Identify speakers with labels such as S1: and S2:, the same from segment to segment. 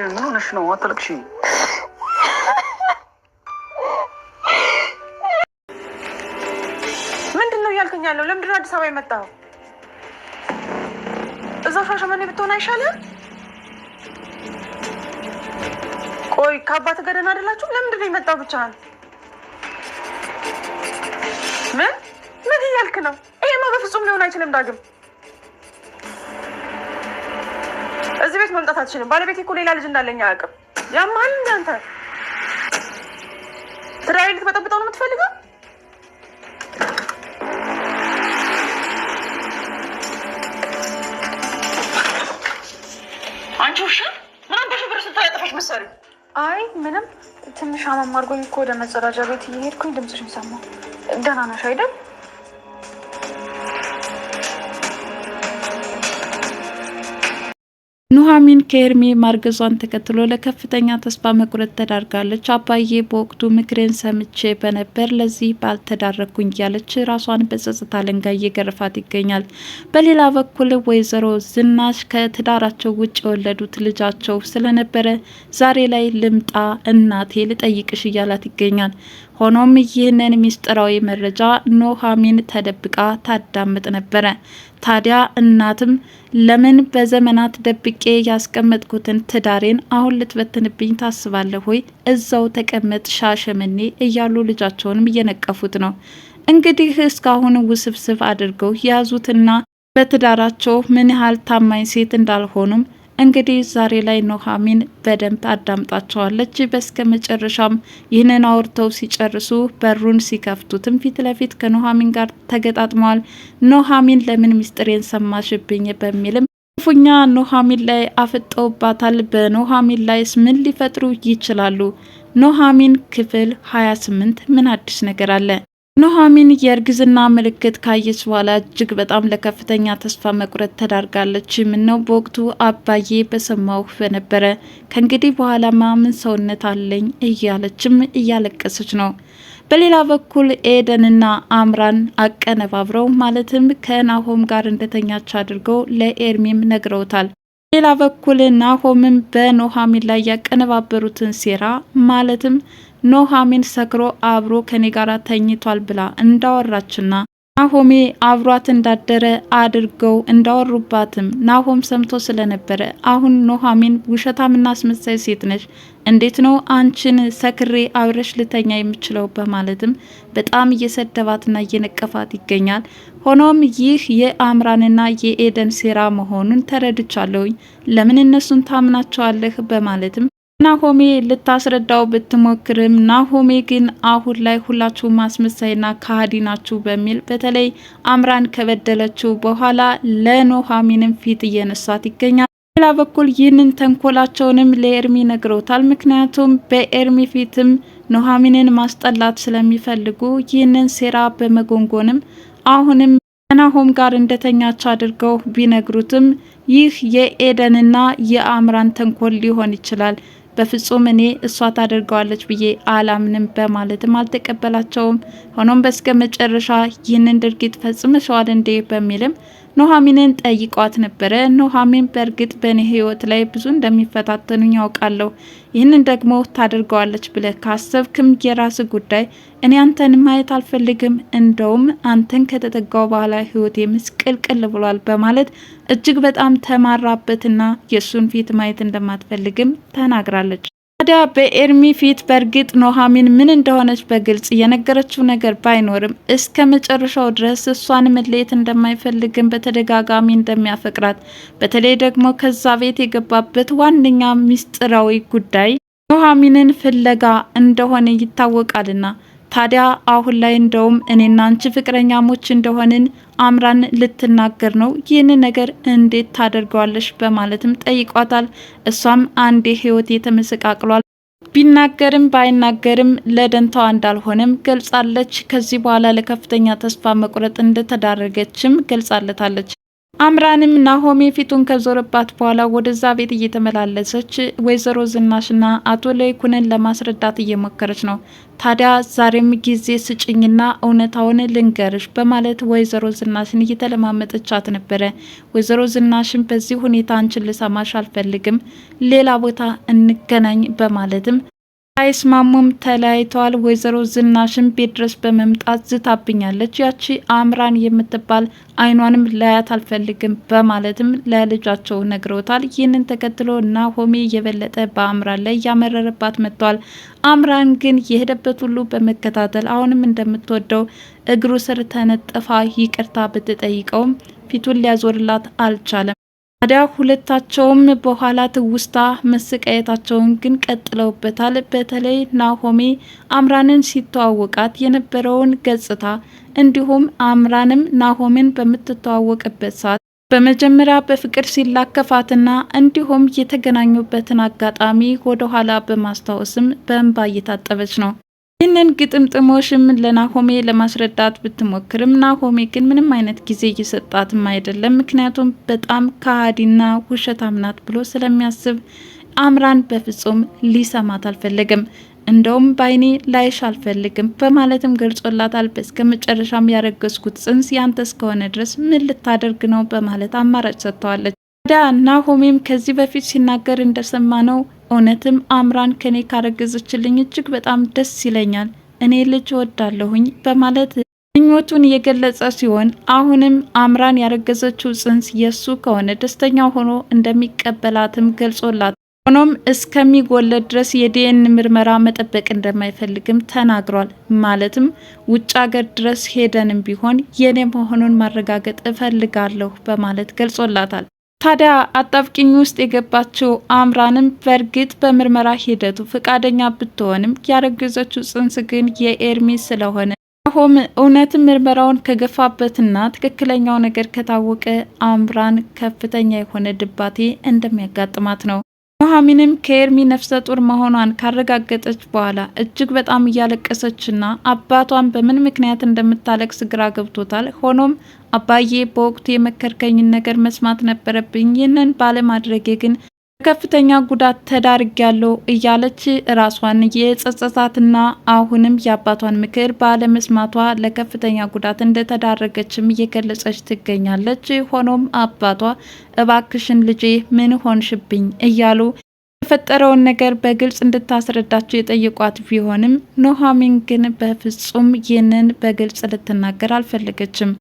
S1: ምን ሆነሽ ነው አትለቅሺ? ምንድን ነው እያልከኝ ያለው? ለምንድን ነው አዲስ አበባ የመጣው? እዛው ሻሸመኔ ብትሆን አይሻልም? ቆይ ከአባት ጋር ደህና አይደላችሁም? ለምንድን ነው የመጣው ብቻ ምን ምን እያልክ ነው? ይሄማ በፍጹም ሊሆን አይችልም ዳግም ቤት መምጣት አትችልም። ባለቤት እኮ ሌላ ልጅ እንዳለኝ አያውቅም። ያማል እንደ አንተ ትዳሬ ልትበጠብጠው ነው የምትፈልገው?
S2: አንቺ ውሻ ምን አንበሽ ብር ስታ ያጠፋሽ መሰሪ።
S3: አይ ምንም ትንሽ አማማርጎኝ እኮ ወደ መጸዳጃ ቤት እየሄድኩኝ ድምፅሽን ሰማሁ። ደህና ነሽ አይደል?
S4: ኑሐሚን ከኤርሜ ማርገዟን ተከትሎ ለከፍተኛ ተስፋ መቁረጥ ተዳርጋለች። አባዬ በወቅቱ ምክሬን ሰምቼ በነበር ለዚህ ባልተዳረግኩኝ እያለች ራሷን በጸጽታ አለንጋ እየገረፋት ይገኛል። በሌላ በኩል ወይዘሮ ዝናሽ ከትዳራቸው ውጭ የወለዱት ልጃቸው ስለነበረ ዛሬ ላይ ልምጣ እናቴ ልጠይቅሽ እያላት ይገኛል። ሆኖም ይህንን ሚስጥራዊ መረጃ ኖሃሚን ተደብቃ ታዳምጥ ነበረ። ታዲያ እናትም ለምን በዘመናት ደብቄ ያስቀመጥኩትን ትዳሬን አሁን ልትበትንብኝ ታስባለህ ወይ? እዛው ተቀመጥ ሻሸመኔ እያሉ ልጃቸውንም እየነቀፉት ነው። እንግዲህ እስካሁን ውስብስብ አድርገው የያዙትና በትዳራቸው ምን ያህል ታማኝ ሴት እንዳልሆኑም እንግዲህ ዛሬ ላይ ኑሐሚን በደንብ አዳምጣቸዋለች። በስከ መጨረሻም ይህንን አውርተው ሲጨርሱ በሩን ሲከፍቱትም ፊት ለፊት ከኑሐሚን ጋር ተገጣጥመዋል። ኑሐሚን ለምን ሚስጥሬን ሰማሽብኝ በሚልም ክፉኛ ኑሐሚን ላይ አፍጠውባታል። በኑሐሚን ላይስ ምን ሊፈጥሩ ይችላሉ? ኑሐሚን ክፍል 28 ምን አዲስ ነገር አለ? ኑሐሚን የእርግዝና ምልክት ካየች በኋላ እጅግ በጣም ለከፍተኛ ተስፋ መቁረጥ ተዳርጋለች። ነው በወቅቱ አባዬ በሰማው በነበረ ከእንግዲህ በኋላማ ምን ሰውነት አለኝ እያለችም እያለቀሰች ነው። በሌላ በኩል ኤደንና አምራን አቀነባብረው ማለትም ከናሆም ጋር እንደተኛች አድርገው ለኤርሚም ነግረውታል። በሌላ በኩል ናሆምም በኑሐሚን ላይ ያቀነባበሩትን ሴራ ማለትም ኖሃሚን ሰክሮ አብሮ ከኔ ጋር ተኝቷል ብላ እንዳወራችና ናሆሜ አብሯት እንዳደረ አድርገው እንዳወሩባትም ናሆም ሰምቶ ስለነበረ አሁን ኖሃሚን ውሸታምና አስመሳይ ሴት ነች፣ እንዴት ነው አንቺን ሰክሬ አብረሽ ልተኛ የምችለው? በማለትም በጣም እየሰደባትና እየነቀፋት ይገኛል። ሆኖም ይህ የአምራንና የኤደን ሴራ መሆኑን ተረድቻለሁኝ። ለምን እነሱን ታምናቸዋለህ? በማለትም ናሆሜ ልታስረዳው ብትሞክርም ናሆሜ ግን አሁን ላይ ሁላችሁ ማስመሳይና ከሀዲ ናችሁ በሚል በተለይ አምራን ከበደለችው በኋላ ለኑሐሚንም ፊት እየነሳት ይገኛል። ሌላ በኩል ይህንን ተንኮላቸውንም ለኤርሚ ነግረውታል። ምክንያቱም በኤርሚ ፊትም ኑሐሚንን ማስጠላት ስለሚፈልጉ ይህንን ሴራ በመጎንጎንም አሁንም ከናሆም ጋር እንደተኛች አድርገው ቢነግሩትም ይህ የኤደንና የአምራን ተንኮል ሊሆን ይችላል በፍጹም እኔ እሷ ታደርገዋለች ብዬ አላምንም በማለትም አልተቀበላቸውም። ሆኖም በስከ መጨረሻ ይህንን ድርጊት ፈጽመሸዋል እንዴ በሚልም ኑሐሚንን ጠይቋት ነበረ። ኑሐሚን በእርግጥ በእኔ ህይወት ላይ ብዙ እንደሚፈታተኑኝ ያውቃለሁ፣ ይህንን ደግሞ ታደርገዋለች ብለህ ካሰብክም የራስ ጉዳይ፣ እኔ አንተን ማየት አልፈልግም፣ እንደውም አንተን ከተጠጋው በኋላ ህይወቴ ምስቅልቅል ብሏል በማለት እጅግ በጣም ተማራበትና የእሱን ፊት ማየት እንደማትፈልግም ተናግራለች። ታዲያ በኤርሚ ፊት በእርግጥ ኖሃሚን ምን እንደሆነች በግልጽ የነገረችው ነገር ባይኖርም እስከ መጨረሻው ድረስ እሷን መለየት እንደማይፈልግን በተደጋጋሚ እንደሚያፈቅራት በተለይ ደግሞ ከዛ ቤት የገባበት ዋነኛ ሚስጥራዊ ጉዳይ ኖሃሚንን ፍለጋ እንደሆነ ይታወቃልና ታዲያ አሁን ላይ እንደውም እኔና አንቺ ፍቅረኛሞች እንደሆንን አምራን ልትናገር ነው። ይህን ነገር እንዴት ታደርገዋለሽ በማለትም ጠይቋታል። እሷም አንዴ ህይወት የተመሰቃቅሏል ቢናገርም ባይናገርም ለደንታዋ እንዳልሆነም ገልጻለች። ከዚህ በኋላ ለከፍተኛ ተስፋ መቁረጥ እንደተዳረገችም ገልጻለታለች። አምራንም ናሆሜ ፊቱን ከዞረባት በኋላ ወደዛ ቤት እየተመላለሰች ወይዘሮ ዝናሽና አቶ ለይኩንን ለማስረዳት እየሞከረች ነው። ታዲያ ዛሬም ጊዜ ስጭኝና እውነታውን ልንገርሽ በማለት ወይዘሮ ዝናሽን እየተለማመጠቻት ነበረ። ወይዘሮ ዝናሽን በዚህ ሁኔታ አንቺን ልሰማሽ አልፈልግም፣ ሌላ ቦታ እንገናኝ በማለትም አይስማሙም፣ ተለያይተዋል። ወይዘሮ ዝናሽን ቤት ድረስ በመምጣት ዝታብኛለች፣ ያቺ አምራን የምትባል አይኗንም ላያት አልፈልግም በማለትም ለልጃቸው ነግረውታል። ይህንን ተከትሎ ናሆሜ የበለጠ በአምራን ላይ ያመረረባት መጥቷል። አምራን ግን የሄደበት ሁሉ በመከታተል አሁንም እንደምትወደው እግሩ ስር ተነጥፋ ይቅርታ ብትጠይቀውም ፊቱን ሊያዞርላት አልቻለም። ታዲያ ሁለታቸውም በኋላ ትውስታ መሰቃየታቸውን ግን ቀጥለውበታል። በተለይ ናሆሜ አምራንን ሲተዋወቃት የነበረውን ገጽታ እንዲሁም አምራንም ናሆሜን በምትተዋወቅበት ሰዓት በመጀመሪያ በፍቅር ሲላከፋትና እንዲሁም የተገናኙበትን አጋጣሚ ወደኋላ በማስታወስም በእንባ እየታጠበች ነው። ይህንን ግጥምጥሞሽም ለናሆሜ ለማስረዳት ብትሞክርም ናሆሜ ግን ምንም አይነት ጊዜ እየሰጣትም አይደለም። ምክንያቱም በጣም ከሃዲና ውሸታም ናት ብሎ ስለሚያስብ አምራን በፍጹም ሊሰማት አልፈለገም። እንደውም በአይኔ ላይሽ አልፈልግም በማለትም ገልጾላታል። በስከ መጨረሻም ያረገዝኩት ጽንስ ያንተ እስከሆነ ድረስ ምን ልታደርግ ነው በማለት አማራጭ ሰጥተዋለች። ታዲያ ናሆሜም ከዚህ በፊት ሲናገር እንደሰማ ነው እውነትም አምራን ከኔ ካረገዘችልኝ እጅግ በጣም ደስ ይለኛል፣ እኔ ልጅ ወዳለሁኝ በማለት ምኞቱን የገለጸ ሲሆን አሁንም አምራን ያረገዘችው ጽንስ የሱ ከሆነ ደስተኛ ሆኖ እንደሚቀበላትም ገልጾላት፣ ሆኖም እስከሚጎለድ ድረስ የዲኤን ምርመራ መጠበቅ እንደማይፈልግም ተናግሯል። ማለትም ውጭ ሀገር ድረስ ሄደንም ቢሆን የኔ መሆኑን ማረጋገጥ እፈልጋለሁ በማለት ገልጾላታል። ታዲያ አጣብቂኝ ውስጥ የገባችው አምራንም በእርግጥ በምርመራ ሂደቱ ፈቃደኛ ብትሆንም ያረገዘችው ጽንስ ግን የኤርሚስ ስለሆነ ሆም እውነትም ምርመራውን ከገፋበትና ትክክለኛው ነገር ከታወቀ አምራን ከፍተኛ የሆነ ድባቴ እንደሚያጋጥማት ነው። ኑሐሚንም ከኤርሚ ነፍሰ ጡር መሆኗን ካረጋገጠች በኋላ እጅግ በጣም እያለቀሰችና አባቷን በምን ምክንያት እንደምታለቅስ ግራ ገብቶታል። ሆኖም አባዬ በወቅቱ የመከርከኝን ነገር መስማት ነበረብኝ፣ ይህንን ባለማድረጌ ግን ከፍተኛ ጉዳት ያለው እያለች ራሷን የጸጸታትና አሁንም የአባቷን ምክር ባለመስማቷ ለከፍተኛ ጉዳት እንደተዳረገችም እየገለጸች ትገኛለች። ሆኖም አባቷ እባክሽን ልጄ ምን ሆንሽብኝ እያሉ የተፈጠረውን ነገር በግልጽ እንድታስረዳቸው የጠየቋት ቢሆንም ኑሐሚን ግን በፍጹም ይህንን በግልጽ ልትናገር አልፈለገችም።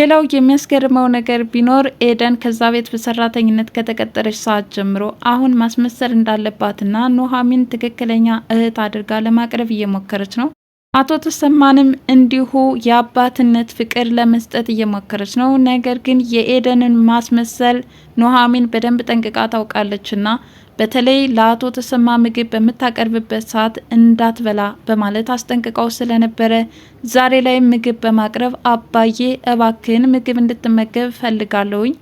S4: ሌላው የሚያስገርመው ነገር ቢኖር ኤደን ከዛ ቤት በሰራተኝነት ከተቀጠረች ሰዓት ጀምሮ አሁን ማስመሰል እንዳለባትና ኑሐሚን ትክክለኛ እህት አድርጋ ለማቅረብ እየሞከረች ነው። አቶ ተሰማንም እንዲሁ የአባትነት ፍቅር ለመስጠት እየሞከረች ነው። ነገር ግን የኤደንን ማስመሰል ኑሐሚን በደንብ ጠንቅቃ ታውቃለችና በተለይ ለአቶ ተሰማ ምግብ በምታቀርብበት ሰዓት እንዳትበላ በማለት አስጠንቅቀው ስለነበረ ዛሬ ላይ ምግብ በማቅረብ አባዬ እባክህን ምግብ እንድትመገብ ፈልጋለሁኝ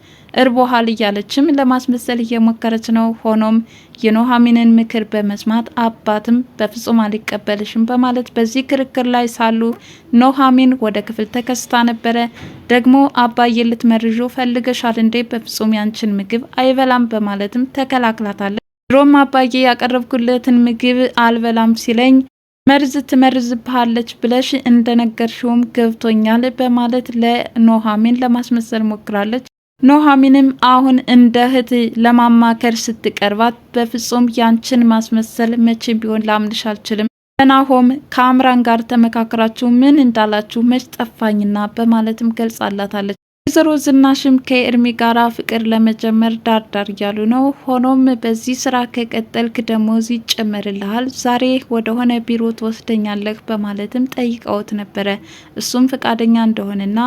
S4: እርቦሃል እያለችም ለማስመሰል እየሞከረች ነው። ሆኖም የኑሐሚንን ምክር በመስማት አባትም በፍጹም አልቀበልሽም በማለት በዚህ ክርክር ላይ ሳሉ ኑሐሚን ወደ ክፍል ተከስታ ነበረ። ደግሞ አባዬ ልትመርዡ ፈልገሻል እንዴ? በፍጹም ያንቺ ያቀረበችውን ምግብ አይበላም በማለትም ተከላክላታለች። ድሮም አባዬ ያቀረብኩለትን ምግብ አልበላም ሲለኝ መርዝ ትመርዝብሃለች ብለሽ እንደነገርሽውም ገብቶኛል በማለት ለኖሃሚን ለማስመሰል ሞክራለች። ኖሃሚንም አሁን እንደ እህት ለማማከር ስትቀርባት በፍጹም ያንችን ማስመሰል መቼም ቢሆን ላምንሽ አልችልም በናሆም ከአምራን ጋር ተመካከራችሁ ምን እንዳላችሁ መች ጠፋኝና በማለትም ገልጻላታለች። ወይዘሮ ዝናሽም ከኤርሚ ጋራ ፍቅር ለመጀመር ዳርዳር እያሉ ነው። ሆኖም በዚህ ስራ ከቀጠልክ ደሞዝ ይጨመርልሃል፣ ዛሬ ወደሆነ ቢሮ ትወስደኛለህ በማለትም ጠይቀውት ነበረ። እሱም ፈቃደኛ እንደሆነና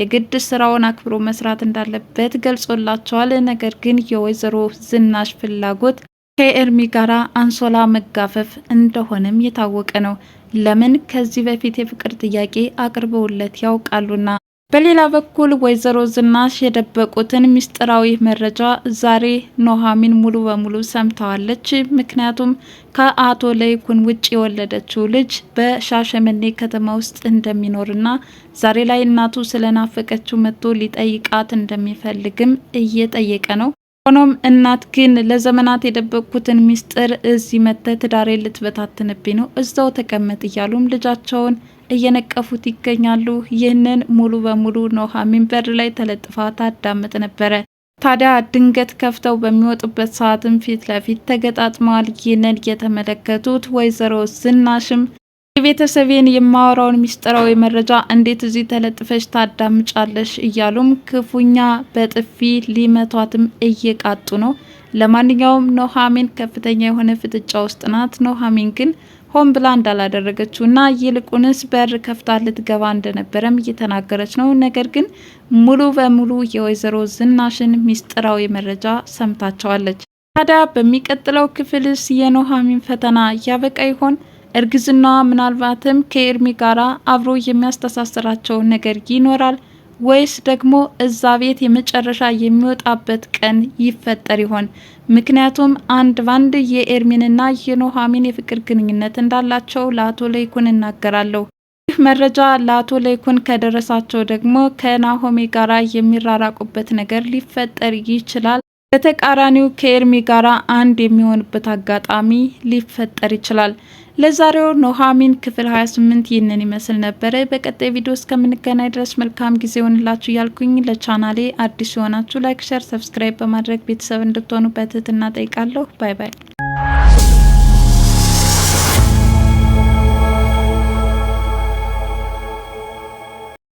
S4: የግድ ስራውን አክብሮ መስራት እንዳለበት ገልጾላቸዋል። ነገር ግን የወይዘሮ ዝናሽ ፍላጎት ከኤርሚ ጋራ አንሶላ መጋፈፍ እንደሆነም የታወቀ ነው። ለምን ከዚህ በፊት የፍቅር ጥያቄ አቅርበውለት ያውቃሉና በሌላ በኩል ወይዘሮ ዝናሽ የደበቁትን ምስጢራዊ መረጃ ዛሬ ኑሐሚን ሙሉ በሙሉ ሰምተዋለች። ምክንያቱም ከአቶ ለይኩን ውጭ የወለደችው ልጅ በሻሸመኔ ከተማ ውስጥ እንደሚኖርና ዛሬ ላይ እናቱ ስለናፈቀችው መጥቶ ሊጠይቃት እንደሚፈልግም እየጠየቀ ነው። ሆኖም እናት ግን ለዘመናት የደበቁትን ምስጢር እዚህ መጥተህ ትዳሬ ልትበታትንብኝ ነው፣ እዛው ተቀመጥ እያሉም ልጃቸውን እየነቀፉት ይገኛሉ። ይህንን ሙሉ በሙሉ ኑሃሚን በር ላይ ተለጥፋ ታዳምጥ ነበረ። ታዲያ ድንገት ከፍተው በሚወጡበት ሰዓትም ፊት ለፊት ተገጣጥመዋል። ይህንን የተመለከቱት ወይዘሮ ዝናሽም የቤተሰቤን የማወራውን ምስጢራዊ መረጃ እንዴት እዚህ ተለጥፈሽ ታዳምጫለሽ? እያሉም ክፉኛ በጥፊ ሊመቷትም እየቃጡ ነው። ለማንኛውም ኑሃሚን ከፍተኛ የሆነ ፍጥጫ ውስጥ ናት። ኑሃሚን ግን ሆን ብላ እንዳላደረገችው እና ይልቁንስ በር ከፍታ ልትገባ እንደነበረም እየተናገረች ነው። ነገር ግን ሙሉ በሙሉ የወይዘሮ ዝናሽን ሚስጥራዊ መረጃ ሰምታቸዋለች። ታዲያ በሚቀጥለው ክፍልስ የኑሐሚን ፈተና እያበቃ ይሆን? እርግዝናዋ ምናልባትም ከኤርሚ ጋራ አብሮ የሚያስተሳስራቸው ነገር ይኖራል ወይስ ደግሞ እዛ ቤት የመጨረሻ የሚወጣበት ቀን ይፈጠር ይሆን? ምክንያቱም አንድ ባንድ የኤርሚንና የኑሐሚን የፍቅር ግንኙነት እንዳላቸው ለአቶ ለይኩን እናገራለሁ። ይህ መረጃ ለአቶ ለይኩን ከደረሳቸው ደግሞ ከናሆሜ ጋራ የሚራራቁበት ነገር ሊፈጠር ይችላል። በተቃራኒው ከኤርሚ ጋር አንድ የሚሆንበት አጋጣሚ ሊፈጠር ይችላል። ለዛሬው ኖሃሚን ክፍል 28 ይህንን ይመስል ነበረ። በቀጣይ ቪዲዮ እስከምንገናኝ ድረስ መልካም ጊዜ ሆንላችሁ እያልኩኝ ለቻናሌ አዲስ የሆናችሁ ላይክ፣ ሸር፣ ሰብስክራይብ በማድረግ ቤተሰብ እንድትሆኑ በትህትና ጠይቃለሁ። ባይ ባይ።